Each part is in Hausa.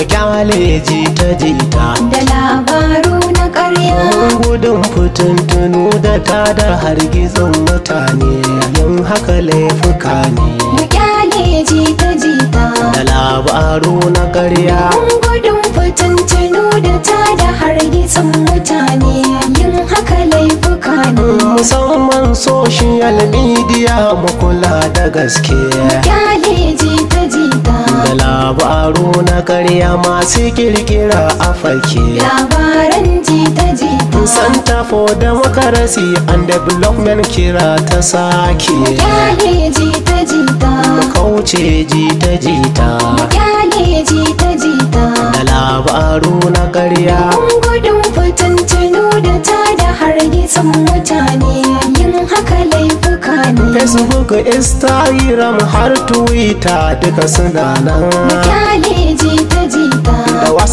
mu kyale ta jita da labaru na ƙarya gudun tunu da ta da mutane yin haka laifuka ne mu kyale ta jita da labaru na ƙarya gudun tunu da ta da mutane yin haka laifuka ne musamman social media mu kula da gaske mu kyale ta jita da labaru na na karya masu kirkira a fake labaran jita-jita santa for democracy and development kira ta sake kyale jita-jita kauce jita-jita kyale jita-jita da labaru na karya gudun tunu da ta da hargitsin mutane yin haka laifuka ne facebook instagram har twitter duka suna nan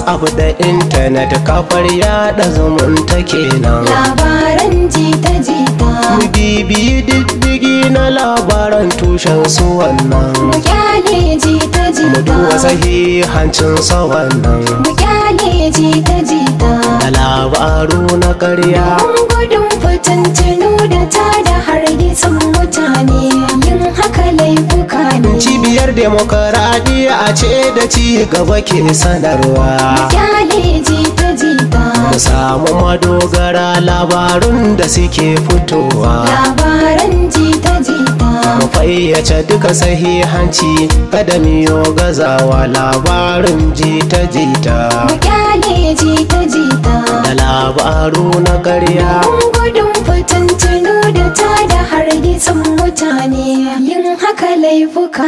abu da intanet kafar yada zumunta kenan labaran jita-jita mu bibiyi diddigi na labaran tushen su wannan mu kyale jita-jita mu duba sahihancin sa wannan mu kyale jita-jita da labaru na karya mun gudun fitintinu da ta da hargitsin mutane Ƙasar a ce da ci gaba ke sanarwa. Kyale Mu samu madogara labarun da suke fitowa. Labaran jita jita. Mu fayyace duka sahihanci kada miyo gazawa labarin jita jita. Mu kyale jita jita. Da labaru na ƙarya. Gudun fitintunu da ta da hargitsin mutane. duka laifuka